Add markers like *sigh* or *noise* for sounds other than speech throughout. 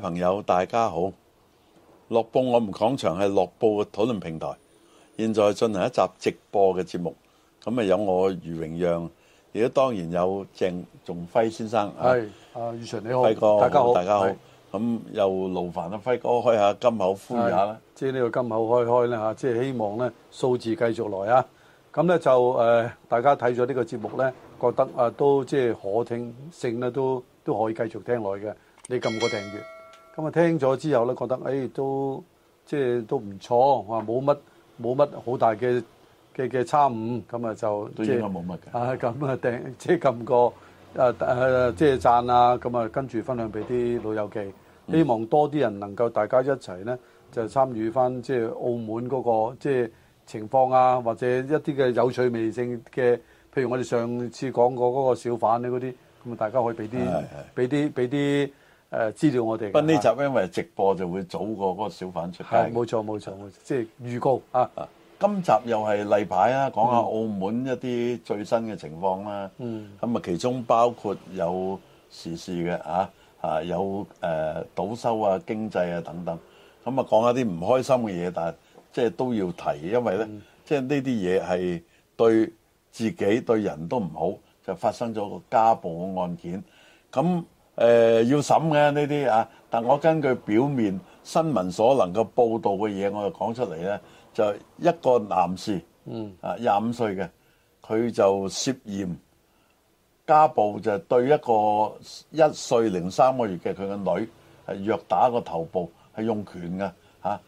朋友大家好，樂報我們講場係樂報嘅討論平台，現在進行一集直播嘅節目，咁啊有我余榮讓，亦都當然有鄭仲輝先生，係是啊你好，輝哥大家好，大家好，咁是又勞煩啊輝哥開下金口呼籲下啦，即係呢個金口開開啦吓，即、就、係、是、希望咧數字繼續來啊，咁咧就誒、呃、大家睇咗呢個節目咧，覺得啊都即係可聽性咧都都可以繼續聽落去嘅，你撳個訂閱。咁、哎、啊，聽咗之後咧，覺得誒都即係都唔錯，我冇乜冇乜好大嘅嘅嘅差異，咁啊就即係冇乜嘅。啊，咁啊訂即係撳個誒誒即係讚啊，咁啊跟住分享俾啲老友記，嗯、希望多啲人能夠大家一齊咧就參與翻即係澳門嗰、嗰個即係、即係、情況啊，或者一啲嘅有趣味性嘅，譬如我哋上次講過嗰個小販咧嗰啲，咁啊大家可以俾啲俾啲俾啲。是是是。誒資料我哋，不呢集因為直播就會早過嗰個小販出街，係冇錯冇錯，冇錯，即係預告啊！啊今集又係例牌啦，講下澳門一啲最新嘅情況啦、啊。嗯，咁啊，其中包括有時事嘅啊啊，有誒呃、賭收啊、經濟啊等等。咁啊，講下啲唔開心嘅嘢，但係即係都要提，因為咧，即係呢啲嘢係對自己對人都唔好，就發生咗個家暴嘅案件。咁誒、呃、要審嘅呢啲啊，但我根據表面新聞所能夠報道嘅嘢，我就講出嚟呢，就一個男士，嗯啊，廿五歲嘅，佢就涉嫌家暴，就對一個一歲零三個月嘅佢嘅女係虐打個頭部，係用拳嘅嚇，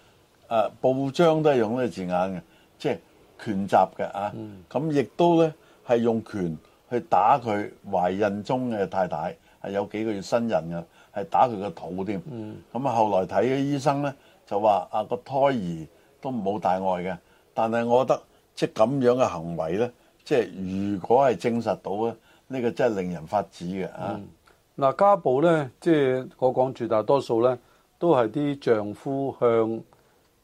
誒報章都係用呢個字眼嘅，即、就、係、是、拳襲嘅啊。咁亦、嗯、都呢係用拳去打佢懷孕中嘅太太。係有幾個月新人嘅，係打佢個肚添。咁啊，後來睇嘅醫生咧，就話啊個胎兒都冇大礙嘅。但係我覺得即係咁樣嘅行為咧，即係如果係證實到咧，呢個真係令人髮指嘅啊！嗱、嗯，家暴咧，即係我講絕大多數咧，都係啲丈夫向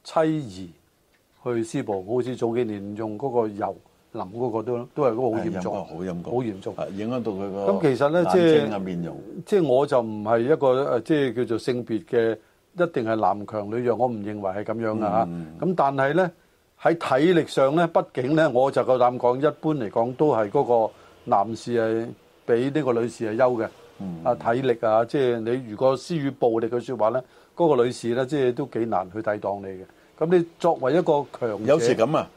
妻兒去施暴，好似早幾年用嗰個油。林嗰個都都好嚴重，好嚴重，好、哎、嚴、嚴、嚴重，啊、影響到佢個。咁其實咧，即係即係我就唔係一個誒，即係叫做性別嘅，一定係男強女弱，我唔認為係咁樣嘅嚇。咁、嗯啊、但係咧喺體力上咧，畢竟咧，我就夠膽講，一般嚟講都係嗰個男士係比呢個女士係優嘅。啊、嗯，體力啊，即係你如果施與暴力嘅説話咧，嗰、那個女士咧，即係都幾難去抵擋你嘅。咁你作為一個強者有時咁啊。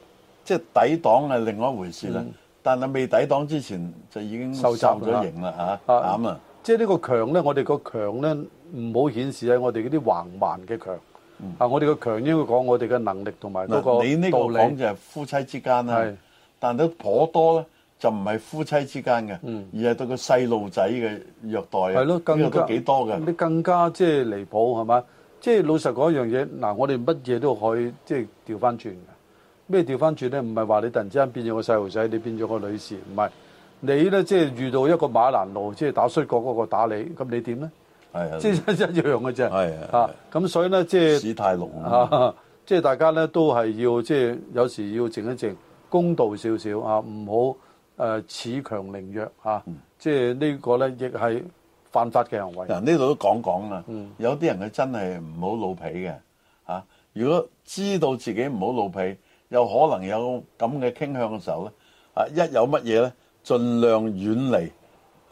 即係抵擋係另外一回事啦，嗯、但係未抵擋之前就已經受襲咗型啦嚇，慘啊！即係呢個強咧，我哋個強咧唔好顯示喺我哋嗰啲橫蠻嘅強，嗯、啊！我哋個強應該講我哋嘅能力同埋嗰個道理。你呢個講就係夫妻之間啦、啊，是但係都頗多咧，就唔係夫妻之間嘅，嗯、而係對個細路仔嘅虐待啊，呢個都幾多嘅。你更加即係離譜係嘛？即係老實講一樣嘢，嗱我哋乜嘢都可以即係調翻轉。咩調翻轉咧？唔係話你突然之間變咗個細路仔，你變咗個女士，唔係你咧，即係遇到一個馬蘭路，即係打衰角嗰個打你，咁你點咧？係啊，即係一樣嘅啫。係啊，咁所以咧，即係史太龍即係大家咧都係要即係有時要靜一靜，公道少少啊，唔好誒恃強凌弱嚇。啊嗯、即係呢個咧，亦係犯法嘅行為。嗱、呃，呢度都講講啦、嗯、有啲人佢真係唔好老脾嘅嚇。如果知道自己唔好老脾，有可能有咁嘅傾向嘅時候呢，啊一有乜嘢呢，盡量遠離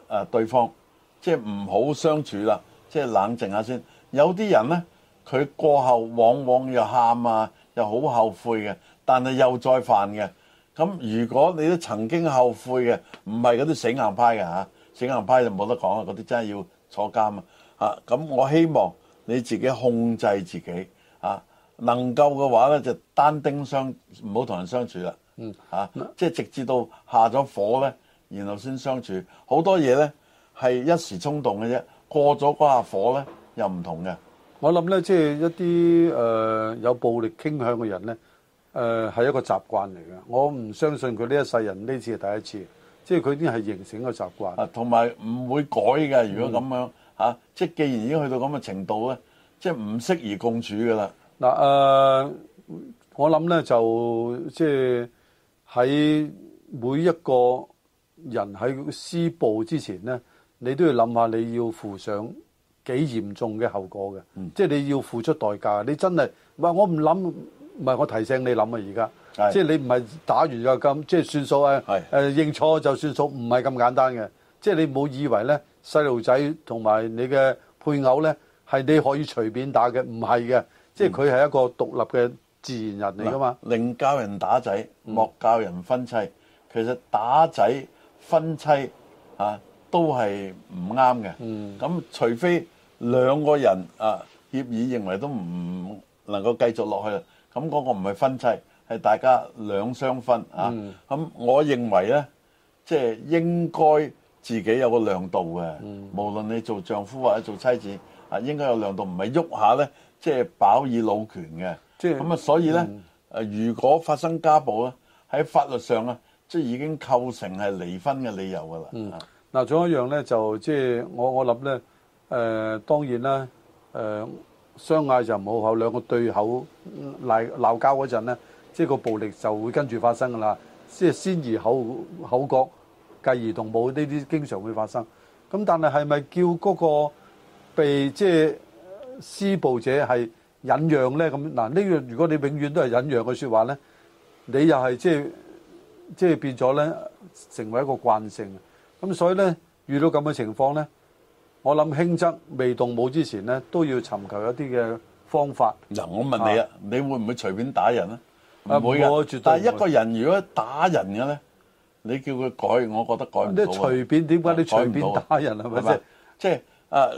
誒對方，即係唔好相處啦，即係冷靜下先。有啲人呢，佢過後往往又喊啊，又好後悔嘅，但係又再犯嘅。咁如果你都曾經後悔嘅，唔係嗰啲死硬派嘅、嚇、死硬派就冇得講啊，嗰啲真係要坐監啊。嚇，咁我希望你自己控制自己。能夠嘅話咧，就單丁相唔好同人相處啦。嗯，嚇、啊，即係直至到下咗火咧，然後先相處。好多嘢咧係一時衝動嘅啫，過咗嗰下火咧又唔同嘅。我諗咧，即係一啲誒、呃、有暴力傾向嘅人咧，誒、呃、係一個習慣嚟嘅。我唔相信佢呢一世人呢次係第一次，即係佢已經係形成一個習慣。啊，同埋唔會改㗎。如果咁樣嚇、嗯啊，即係既然已經去到咁嘅程度咧，即係唔適宜共處㗎啦。嗱、呃，我諗咧就即係喺每一個人喺施暴之前咧，你都要諗下你要付上幾嚴重嘅後果嘅，即係、嗯、你要付出代價。你真係唔係我唔諗，唔係我提醒你諗啊！而家即係你唔係打完就咁，即係算數誒、啊、誒是的、啊、認錯就算數，唔係咁簡單嘅。即係你唔好以為咧細路仔同埋你嘅配偶咧係你可以隨便打嘅，唔係嘅。即係佢係一個獨立嘅自然人嚟㗎嘛？寧教人打仔，莫教人分妻。其實打仔、分妻啊，都係唔啱嘅。咁除非兩個人啊協議認為都唔能夠繼續落去啦，咁嗰個唔係分妻，係大家兩相分啊。咁我認為呢，即係應該自己有個量度嘅。無論你做丈夫或者做妻子啊，應該有量度，唔係喐下呢。即係飽以老拳嘅、就是，咁啊，所以咧，誒、嗯，如果發生家暴咧，喺法律上咧，即係已經構成係離婚嘅理由噶啦、嗯。嗱，仲有一樣咧，就即係、就是、我我諗咧，誒、呃，當然啦，誒、呃，相嗌就唔好口，兩個對口鬧鬧交嗰陣咧，即、就、係、是、個暴力就會跟住發生噶啦。即、就、係、是、先而口口角，繼而動武呢啲經常會發生。咁但係係咪叫嗰個被即係？就是施暴者係忍讓咧，咁嗱呢樣如果你永遠都係忍讓嘅説話咧，你又係即係即係變咗咧成為一個慣性。咁所以咧，遇到咁嘅情況咧，我諗輕則未動武之前咧都要尋求一啲嘅方法。嗱，我問你啊，你會唔會隨便打人咧？唔會嘅。但係一個人如果打人嘅咧，你叫佢改，我覺得改唔到。即係隨便，點解你隨便打人係咪先？即係誒。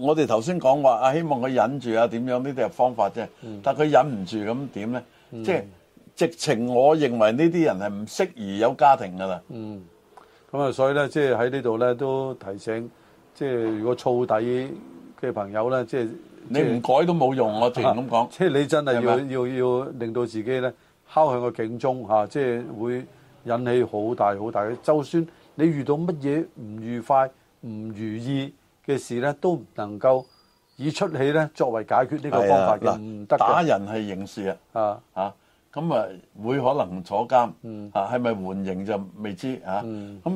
我哋頭先講話啊，希望佢忍住啊，點樣,、嗯、樣呢啲係方法啫。但佢忍唔住咁點咧？即係直情，我認為呢啲人係唔適宜有家庭㗎啦嗯。咁啊、嗯，所以咧，即係喺呢度咧，都提醒，即係如果燥底嘅朋友咧，即係你唔改都冇用、啊，我直情咁講。啊、即係你真係要嗎要要令到自己咧敲響個警鐘，即係、啊就是、會引起好大好大嘅。就算你遇到乜嘢唔愉快、唔如意。嘅事咧都唔能夠以出氣咧作為解決呢個方法嘅，唔得嘅。打人係刑事啊！嚇，咁啊會可能坐監啊，係咪、嗯、緩刑就未知咁、嗯啊、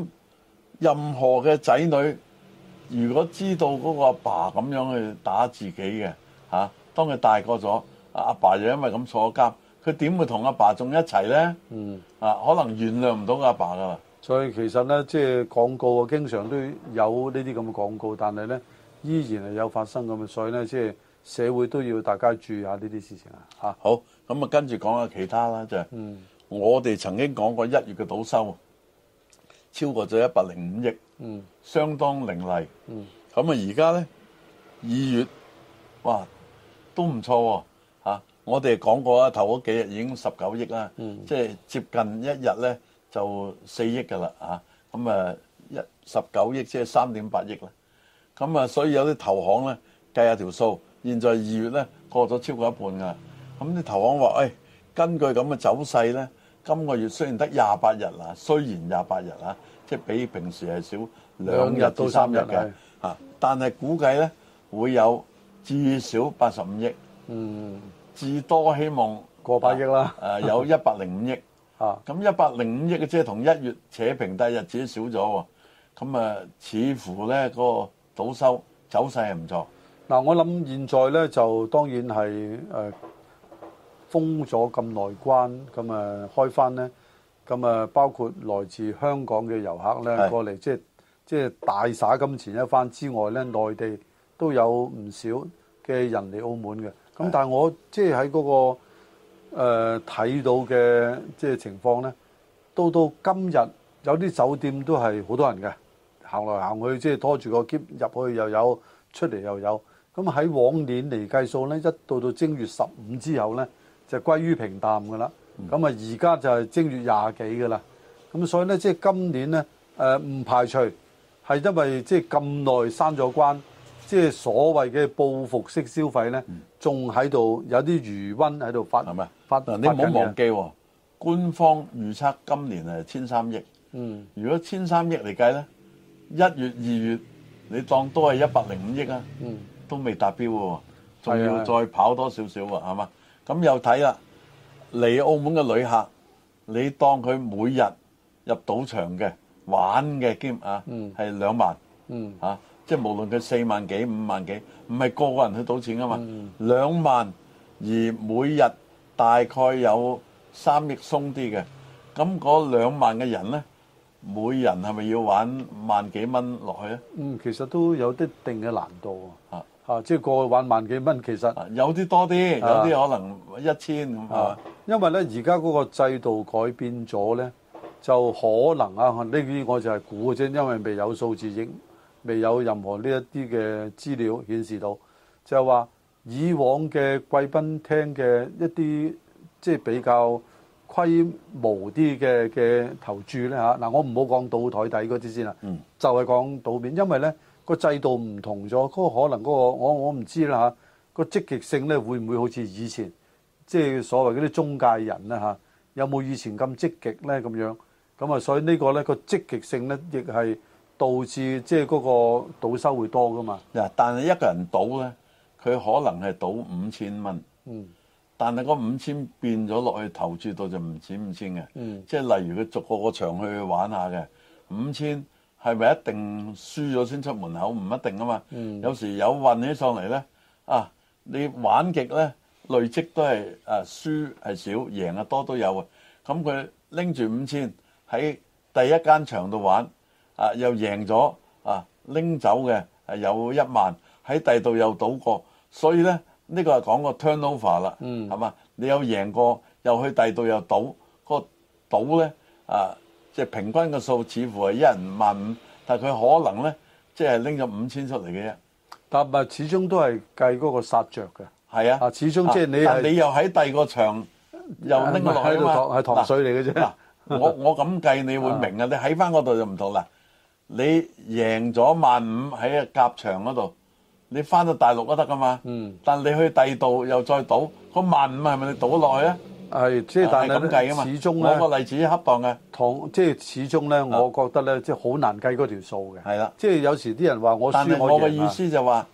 任何嘅仔女如果知道嗰個阿爸咁樣去打自己嘅嚇、啊，當佢大個咗，阿爸就因為咁坐監，佢點會同阿爸仲一齊咧？嗯，啊，可能原諒唔到阿爸噶啦。所以其實咧，即係廣告啊，經常都有呢啲咁嘅廣告，但係咧依然係有發生。咁所以咧，即係社會都要大家注意下呢啲事情啊。嚇，好，咁啊跟住講下其他啦，就係，我哋曾經講過一月嘅賭收超過咗一百零五億，嗯，相當凌厲，嗯，嗯，咁啊而家咧二月，哇，都唔錯喎，我哋講過啊頭嗰幾日已經十九億啦，嗯，即係接近一日咧。就四億嘅啦，啊，咁啊一十九億即係三點八億啦。咁啊，所以有啲投行呢計下條數，現在二月呢過咗超過一半噶。咁啲投行話，誒、哎，根據咁嘅走勢呢，今個月雖然得廿八日啦，雖然廿八日啊，即係比平時係少兩日到三日嘅，日日是的但係估計呢會有至少八十五億，嗯，至多希望過百億啦，啊，有一百零五億。 *laughs* 啊！咁一百零五億嘅，即係同一月扯平，但日子少咗喎。咁啊，似乎呢個賭收走勢係唔錯。嗱，我諗現在呢，就當然係、呃、封咗咁耐關，咁啊開翻呢，咁啊包括來自香港嘅遊客呢，是的 過嚟，即係即係大灑金錢一番之外呢，內地都有唔少嘅人嚟澳門嘅。咁是的 但係我即係喺嗰個。誒睇、呃、到嘅即係情況呢，到到今日有啲酒店都係好多人嘅，行來行去即係、就是、拖住個篋入去又有，出嚟又有。咁喺往年嚟計數呢，一到到正月十五之後呢，就歸於平淡㗎啦。咁啊而家就係正月廿幾㗎啦。咁所以呢，即、就、係、是、今年呢，唔、呃、排除係因為即係咁耐閂咗關，即、就、係、是、所謂嘅報復式消費呢。仲喺度有啲餘温喺度發係咪？發嗱你唔好忘記喎、哦，嗯、官方預測今年係千三億。嗯，如果千三億嚟計咧，一月二月你當多係一百零五億啊，嗯、都未達標喎，仲要再跑多少少喎，係嘛是的？咁又睇啦，嚟澳門嘅旅客，你當佢每日入賭場嘅玩嘅兼啊，係兩萬，嚇。嗯啊即係無論佢四萬幾五萬幾，唔係個個人去賭錢吖嘛。兩萬而每日大概有三億鬆啲嘅，咁嗰兩萬嘅人咧，每人係咪要玩萬幾蚊落去咧？嗯，其實都有啲定嘅難度啊！啊，即係過去玩萬幾蚊，其實有啲多啲，有啲可能一千啊。因為咧，而家嗰個制度改變咗咧，就可能啊，呢啲我就係估嘅啫，因為未有數字影。未有任何呢一啲嘅資料顯示到，就係話以往嘅貴賓廳嘅一啲即係比較規模啲嘅嘅投注咧吓，嗱，我唔好講賭台底嗰啲先啦，就係講賭面，因為咧個制度唔同咗，嗰個可能嗰個我我唔知啦吓、啊、個積極性咧會唔會好似以前即係所謂嗰啲中介人咧、啊、吓有冇以前咁積極咧咁樣，咁啊，所以個呢個咧個積極性咧亦係。導致即係嗰個賭收會多噶嘛？嗱，但係一個人賭呢，佢可能係賭五千蚊。嗯，但係個五千變咗落去投注度就唔止五千嘅。嗯，即係例如佢逐個個場去玩下嘅五千，係咪一定輸咗先出門口？唔一定啊嘛。嗯，有時有運起上嚟呢，啊，你玩極呢，累積都係誒、啊、輸係少，贏得多都有啊。咁佢拎住五千喺第一間場度玩。啊！又贏咗啊！拎走嘅係有一萬，喺第度又賭過，所以咧呢、呢個係講個 turnover 啦，係嘛、嗯？你有贏過，又去第度又賭，個賭咧啊！即係平均嘅數似乎係一人萬五，但係佢可能咧即係拎咗五千出嚟嘅啫。但係始終都係計嗰個殺著㗎，係啊！始終即係你是，啊、你又喺第二個場又拎落啊喺度係糖水嚟嘅啫。我我咁計，你會明啊！你喺翻嗰度就唔到啦。你贏咗萬五喺夾場嗰度，你翻到大陸都得噶嘛、嗯？但你去第二度又再賭，嗰萬五係咪你賭落去咧？係，即係但係噉計嘛，始終咧，我個例子恰當嘅。即係始終咧，我覺得咧，即係好難計嗰條數嘅。係啦，即係有時啲人話我輸，但係我但係我嘅意思就話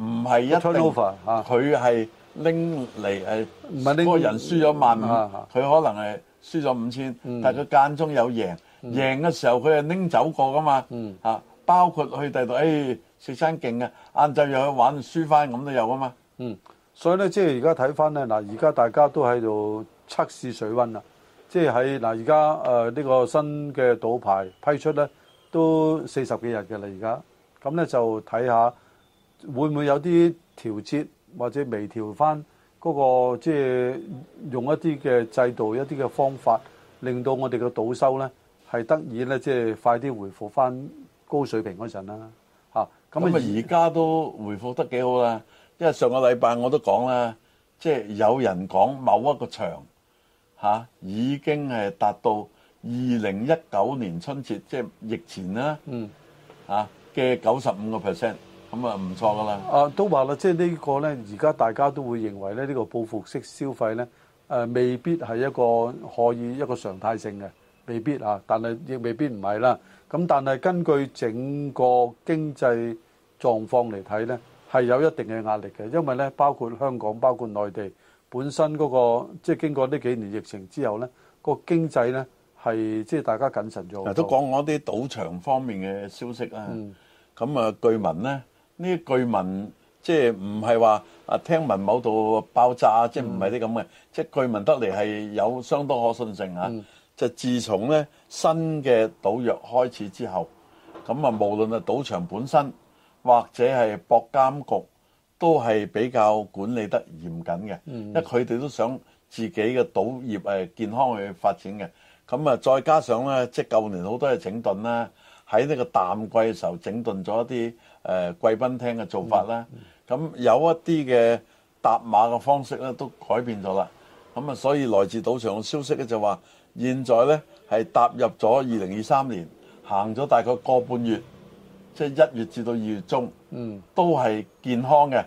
唔係一定佢係拎嚟係，唔係嗰個人輸咗萬五，佢可能係輸咗五千，但係佢間中有贏。贏嘅時候佢係拎走過噶嘛，嚇包括去第度，誒食餐勁啊，晏晝又去玩輸翻，咁都有噶嘛。嗯，所以咧，即係而家睇翻咧，嗱而家大家都喺度測試水溫啦，即係喺嗱而家誒呢個新嘅賭牌批出咧，都四十幾日嘅啦，而家咁咧就睇下會唔會有啲調節或者微調翻嗰個即係用一啲嘅制度、一啲嘅方法，令到我哋嘅賭收咧。係得以咧，即係快啲回復返高水平嗰陣啦，咁啊，而家都回復得幾好啦，因為上個禮拜我都講啦，即係有人講某一個場嚇、啊、已經係達到二零一九年春節即係疫前啦，啊、嗯，嘅九十五個 percent，咁啊唔錯噶啦。啊，都話啦，即係呢個咧，而家大家都會認為咧，呢個報復式消費咧、啊，未必係一個可以一個常態性嘅。未必啊，但係亦未必唔係啦。咁但係根據整個經濟狀況嚟睇咧，係有一定嘅壓力嘅，因為咧，包括香港、包括內地本身嗰個即係經過呢幾年疫情之後咧，個經濟咧係即係大家謹慎咗。都講講啲賭場方面嘅消息啊。咁啊，據聞咧呢據聞即係唔係話啊聽聞某度爆炸，即係唔係啲咁嘅，即係據聞得嚟係有相當可信性嚇。就自從咧新嘅賭約開始之後，咁啊無論係賭場本身或者係博監局，都係比較管理得嚴謹嘅，因為佢哋都想自己嘅賭業誒健康去發展嘅。咁啊再加上咧，即係舊年好多嘢整頓啦，喺呢個淡季嘅時候整頓咗一啲誒貴賓廳嘅做法啦。咁有一啲嘅搭馬嘅方式咧都改變咗啦。咁啊，所以來自賭場嘅消息咧就話。現在呢係踏入咗二零二三年，行咗大概個半月，即係一月至到二月中，都係健康嘅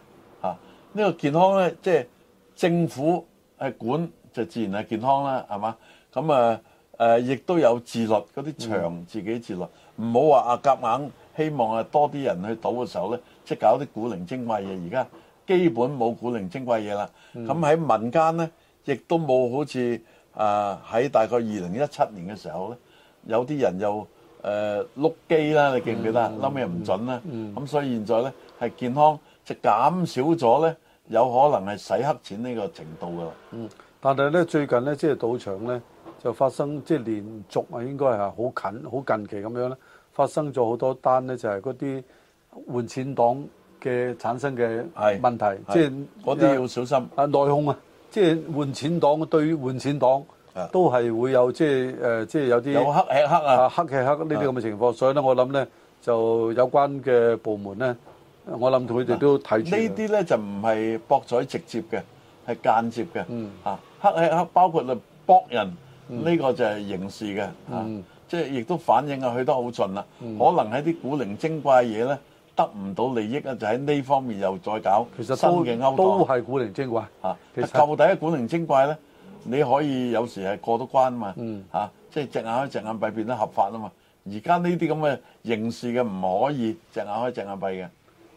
嚇。呢、啊呢個健康呢，即、就、係、是、政府係管，就自然係健康啦，係嘛？咁啊誒，亦、啊、都有自律嗰啲場，那些自己自律，唔好話啊夾硬希望啊多啲人去賭嘅時候咧，即係搞啲古靈精怪嘢。而家基本冇古靈精怪嘢啦。咁、啊、喺、嗯、民間呢，亦都冇好似。啊！喺大概二零一七年嘅時候咧，有啲人又誒碌、呃、機啦，你記唔記得？諗咩唔準啦。咁、嗯嗯、所以現在咧係健康就減少咗咧，有可能係洗黑錢呢個程度噶啦。嗯，但係咧最近咧即係賭場咧就發生即係、就是、連續啊，應該係好近好近期咁樣咧，發生咗好多單咧，就係嗰啲換錢黨嘅產生嘅問題，即係嗰啲要小心啊內控。啊。即係換錢黨，對於換錢黨，都係會有即係誒，即係、呃、有啲有黑吃黑啊，黑吃黑呢啲咁嘅情況，的所以咧我諗咧就有關嘅部門咧，我諗同佢哋都睇。這些呢啲咧就唔係博彩直接嘅，係間接嘅。嗯啊，黑吃黑，黑包括你搏人呢、嗯、個就係刑事嘅、嗯、啊，即係亦都反映啊去得好盡啦，嗯、可能喺啲古靈精怪嘢咧。得唔到利益啊，就喺呢方面又再搞新嘅勾當都係古靈精怪嚇。啊、其實舊底一古靈精怪咧，你可以有時係過得關嘛、嗯、啊嘛嚇，即係隻眼開隻眼閉變得合法啊嘛。而家呢啲咁嘅刑事嘅唔可以隻眼開隻眼閉嘅。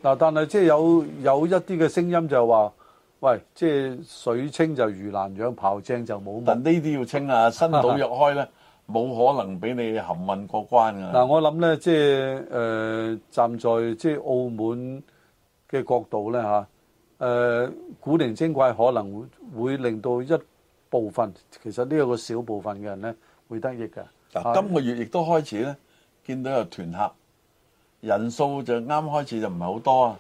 嗱，但係即係有有一啲嘅聲音就係話，喂，即係水清就魚難養，炮正就冇。但呢啲要清啊，新賭約開咧。 *laughs* 冇可能俾你含混過關㗎啦！嗱，我諗咧，即係誒站在即係澳門嘅角度咧嚇，誒古靈精怪可能會令到一部分，其實呢個個小部分嘅人咧會得益嘅。嗱，今個月亦都開始咧，見到有團客，人數就啱開始就唔係好多啊，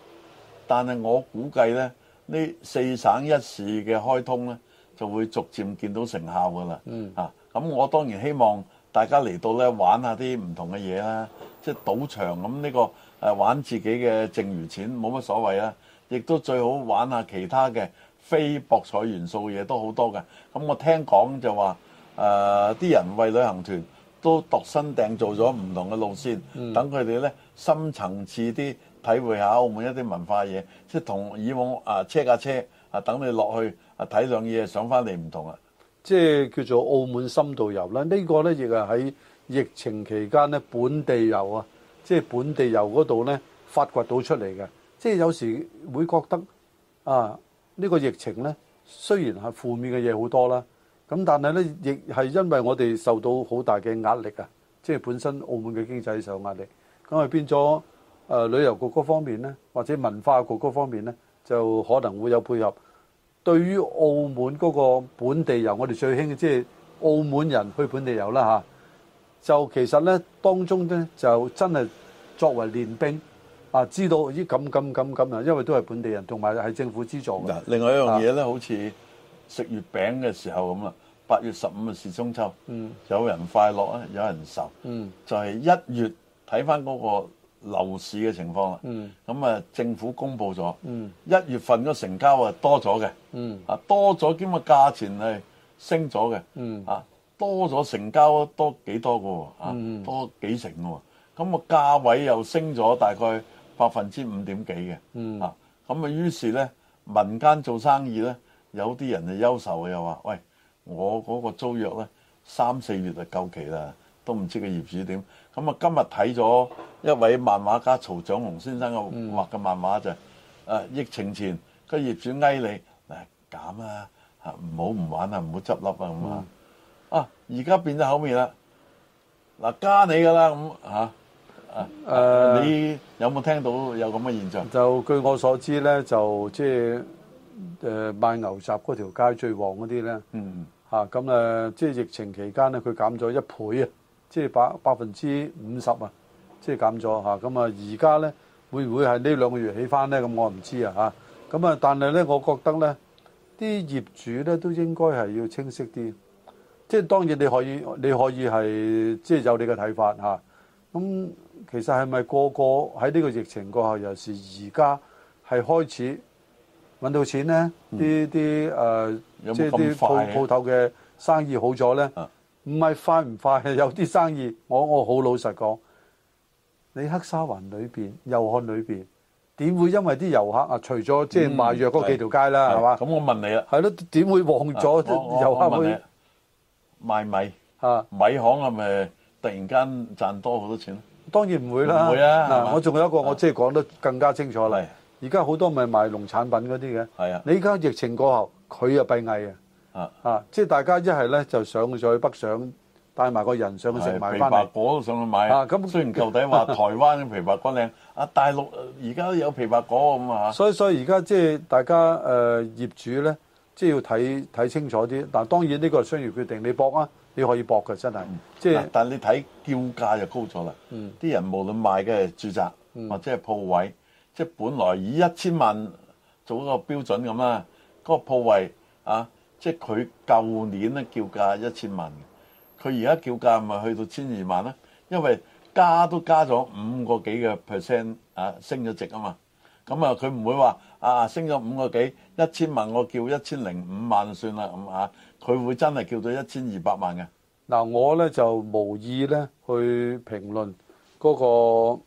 但係我估計咧，呢四省一市嘅開通咧就會逐漸見到成效㗎啦。嗯啊！咁我當然希望大家嚟到呢玩下啲唔同嘅嘢啦，即係賭場咁，呢個誒玩自己嘅剩餘錢冇乜所謂啦，亦都最好玩下其他嘅非博彩元素嘅嘢都好多嘅。咁我聽講就話誒啲人為旅行團都度身訂做咗唔同嘅路線，等佢哋呢深層次啲體會下澳門一啲文化嘢，即係同以往啊車架車啊等你落去啊睇兩嘢上翻嚟唔同啊！車即係叫做澳門深度遊啦，呢個呢，亦係喺疫情期間本地遊啊，即係本地遊嗰度呢，發掘到出嚟嘅。即係有時會覺得啊，呢個疫情呢，雖然係負面嘅嘢好多啦，咁但係呢，亦係因為我哋受到好大嘅壓力啊，即係本身澳門嘅經濟受到壓力，咁啊變咗旅遊局嗰方面呢，或者文化局嗰方面呢，就可能會有配合。對於澳門嗰個本地遊，我哋最興嘅即係澳門人去本地遊啦嚇，就其實咧當中呢，就真係作為練兵啊，知道依咁咁咁咁啊，因為都係本地人，同埋係政府資助嘅。另外一樣嘢呢，好似食月餅嘅時候咁啦，八月十五啊，是中秋，嗯，有人快樂啊，有人愁，嗯，就係、是、一月睇翻嗰個。樓市嘅情況啦，咁啊政府公布咗，一月份嘅成交啊多咗嘅，啊多咗兼個價錢係升咗嘅，啊多咗成交多幾多個啊，多幾成㗎喎，咁啊價位又升咗大概百分之五點幾嘅，啊咁啊於是咧民間做生意咧有啲人就憂愁嘅，又話：喂，我嗰個租約咧三四月就夠期啦，都唔知個業主點。咁啊今日睇咗。一位漫畫家曹長雄先生嘅畫嘅漫畫，就疫情前個業主嗌你，嗱，減啦，唔好唔玩啊，唔好執笠啊。咁啊，啊而家變咗口味啦，嗱，加你噶啦。咁你有冇聽到有咁嘅現象？呃？就據我所知咧，就即係誒賣牛雜嗰條街最旺嗰啲咧，咁誒，即係、嗯啊就是、疫情期間咧，佢減咗一倍啊，即、就、係、是、百百分之五十啊！即係減咗嚇，咁啊而家呢會唔會係呢兩個月起翻呢？咁我唔知啊嚇。咁啊，但係呢，我覺得呢啲業主呢，都應該係要清晰啲。即係當然你可以你可以係即係有你嘅睇法嚇。咁、啊啊、其實係咪個個喺呢個疫情過後尤其是而家係開始揾到錢呢？啲啲誒，即係啲鋪鋪頭嘅生意好咗呢？唔係快唔快？有啲生意，我我好老實講。你黑沙環裏邊、祐漢裏邊，點會因為啲遊客啊？除咗即係賣藥嗰幾條街啦，係嘛？咁我問你啦。係咯，點會旺咗？遊客會賣米啊？米行係咪突然間賺多好多錢咧？當然唔會啦。唔會啊！嗱，我仲有一個，我即係講得更加清楚啦。而家好多咪賣農產品嗰啲嘅。係啊。你而家疫情過後，佢又閉翳啊！啊，即係大家一係咧就上去再北上。帶埋個人上去食買翻嚟，枇杷果上去買啊！咁雖然舊底話台灣嘅枇杷果靚，啊大陸而家都有枇杷果咁啊，所以所以而家即係大家誒業主咧，即係要睇睇清楚啲。但係當然呢個商業決定，你搏啊，你可以搏嘅，真係即係。但係你睇叫價就高咗啦，啲人無論賣嘅係住宅或者係鋪位，即係本來以一千萬做一個標準咁啦，嗰個鋪位啊，即係佢舊年咧叫價一千萬。佢而家叫價咪去到千二萬啦，因為加都加咗五個幾嘅 percent 啊，升咗值啊嘛。咁啊，佢唔、啊、會話啊升咗五個幾一千萬，我叫一千零五萬算啦咁啊。佢會真係叫到一千二百萬嘅。嗱，我咧就無意咧去評論嗰個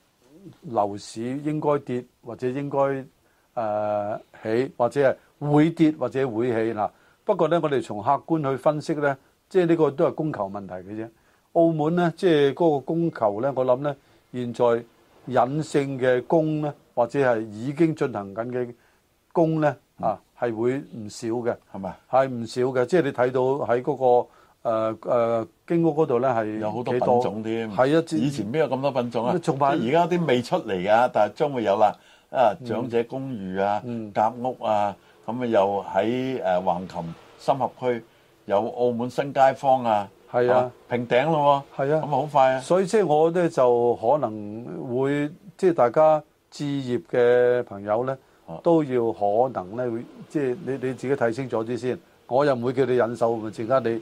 樓市應該跌或者應該誒、呃、起或者係會跌或者會起嗱。不過咧，我哋從客觀去分析咧。即係呢個都係供求問題嘅啫。澳門咧，即係嗰個供求咧，我諗咧，現在隱性嘅供咧，或者係已經進行緊嘅供咧，啊，係會唔少嘅。係咪吧？係唔少嘅。即係你睇到喺嗰、那個誒誒經屋嗰度咧，係有好多品種添。係啊！以前邊有咁多品種啊？仲而家啲未出嚟啊，但係將會有啦。啊，長者公寓啊，夾、嗯、屋啊，咁、嗯、啊又喺誒橫琴深合區。有澳門新街坊啊，係啊，平頂咯喎，係啊，咁啊好快啊！所以即係我咧就可能會即係大家置業嘅朋友咧，都要可能咧會即係你你自己睇清楚啲先，我又唔會叫你忍受，陣間你。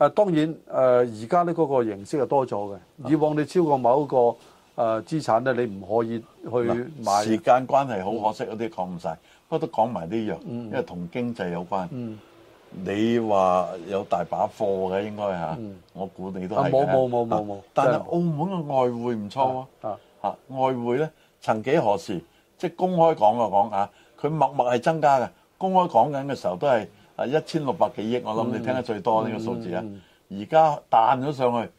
誒當然誒，而家咧嗰個形式係多咗嘅。以往你超過某一個誒資產咧，你唔可以去買。時間關係好可惜嗰啲講唔晒，不過都講埋啲嘢，因為同經濟有關。你話有大把貨嘅應該嚇，我估你都係。冇冇冇冇冇。但係澳門嘅外匯唔錯喎。嚇，外匯咧，曾幾何時即係公開講就講嚇，佢默默係增加嘅。公開講緊嘅時候都係。一千六百幾億，我諗你聽得最多呢、嗯、個數字啦。而家、嗯嗯、彈咗上去，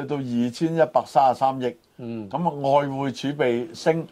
去到二千一百三十三億。咁啊、嗯，外匯儲備升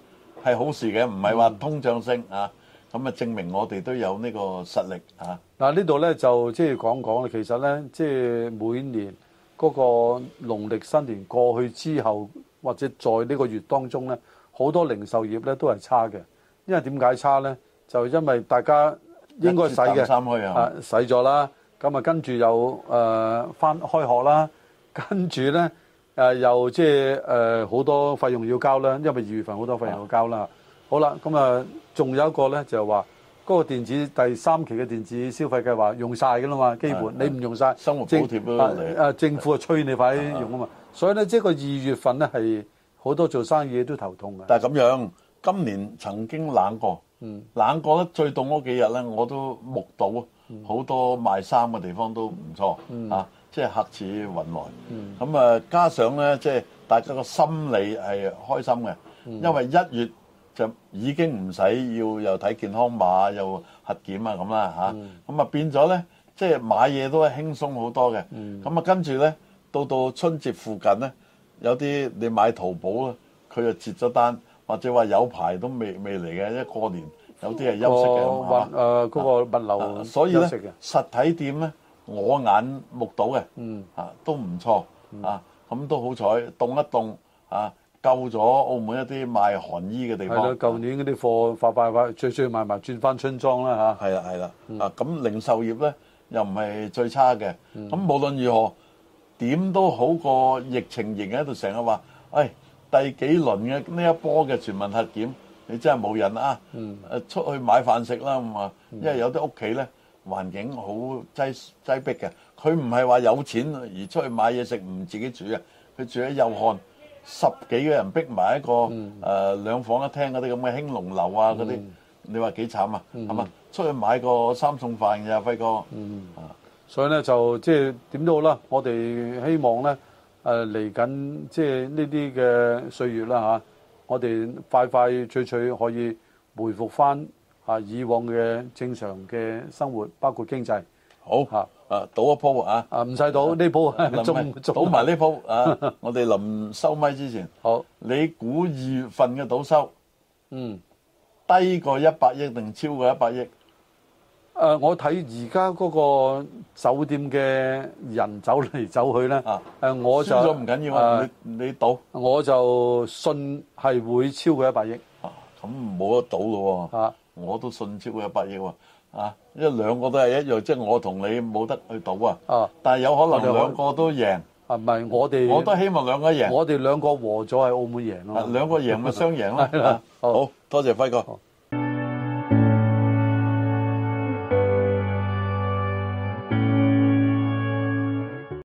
係好事嘅，唔係話通脹升、嗯、啊。咁啊，證明我哋都有呢個實力，嗱、啊啊、呢度呢就即係講講，其實呢，即、就、係、是、每年嗰個農曆新年過去之後，或者在呢個月當中呢，好多零售業呢都係差嘅。因為點解差呢？就因為大家。應該使嘅，啊使咗啦，咁啊跟住又誒返開學啦，跟住咧誒又即係誒好多費用要交啦，因為二月份好多費用要交啦。啊、好啦，咁啊仲有一個咧就係話嗰個電子第三期嘅電子消費計劃用晒㗎啦嘛，基本你唔用晒生活補貼咯，正你政府啊催你快用啊嘛，所以咧即係個二月份咧係好多做生意都頭痛嘅。但係咁樣，今年曾經冷過。嗯、冷過得最凍嗰幾日咧，我都目睹好多賣衫嘅地方都唔錯、嗯、啊！即係客似雲來，咁、嗯、啊加上咧，即係大家個心理係開心嘅，嗯、因為一月就已經唔使要又睇健康碼又核檢啊咁啦嚇，咁啊、嗯、啊變咗咧，即係買嘢都係輕鬆好多嘅。咁、嗯、啊跟住咧，到到春節附近咧，有啲你買淘寶啊，佢就接咗單。或者話有排都未未嚟嘅，一過年有啲係休息嘅，係嘛？誒、嗰個物流，所以咧實體店咧，我眼目睹嘅，嗯啊都唔錯啊，咁都好彩，凍一凍啊救咗澳門一啲賣寒衣嘅地方。係啦，舊年嗰啲貨快快脆脆，最最賣埋轉翻春裝啦嚇。係啦係啦，啊咁零售業咧又唔係最差嘅，咁無論如何點都好過疫情仍然喺度成日話，誒。第幾輪嘅呢一波嘅全民核檢，你真係冇人啊！誒、嗯，出去買飯食啦咁啊，嗯、因為有啲屋企咧環境好擠擠逼嘅，佢唔係話有錢而出去買嘢食，唔自己煮嘅，佢住喺佑漢，嗯、十幾個人逼埋一個誒、嗯呃、兩房一廳嗰啲咁嘅興隆樓啊嗰啲，嗯、你話幾慘啊？係嘛、嗯，出去買個三餸飯嘅輝哥啊、嗯，所以咧就即係點都好啦，我哋希望咧。誒嚟緊，即係呢啲嘅歲月啦嚇、啊，我哋快快脆脆可以回復翻嚇、啊、以往嘅正常嘅生活，包括經濟。好嚇，啊賭一鋪啊，唔使賭呢鋪，仲賭埋呢鋪啊！我哋臨收咪之前，好，你估二月份嘅賭收，嗯，低過一百億定超過一百億？誒，我睇而家嗰個酒店嘅人走嚟走去咧，誒，我輸咗唔緊要，你賭，我就信係會超過一百億。啊，咁冇得賭㗎喎！我都信超過一百億喎！啊，因為兩個都係一樣，即係我同你冇得去賭啊。啊，但係有可能兩個都贏。唔係我哋，我都希望兩個贏。我哋兩個和咗喺澳門贏咯。啊，兩個贏咪雙贏啦，好多謝輝哥。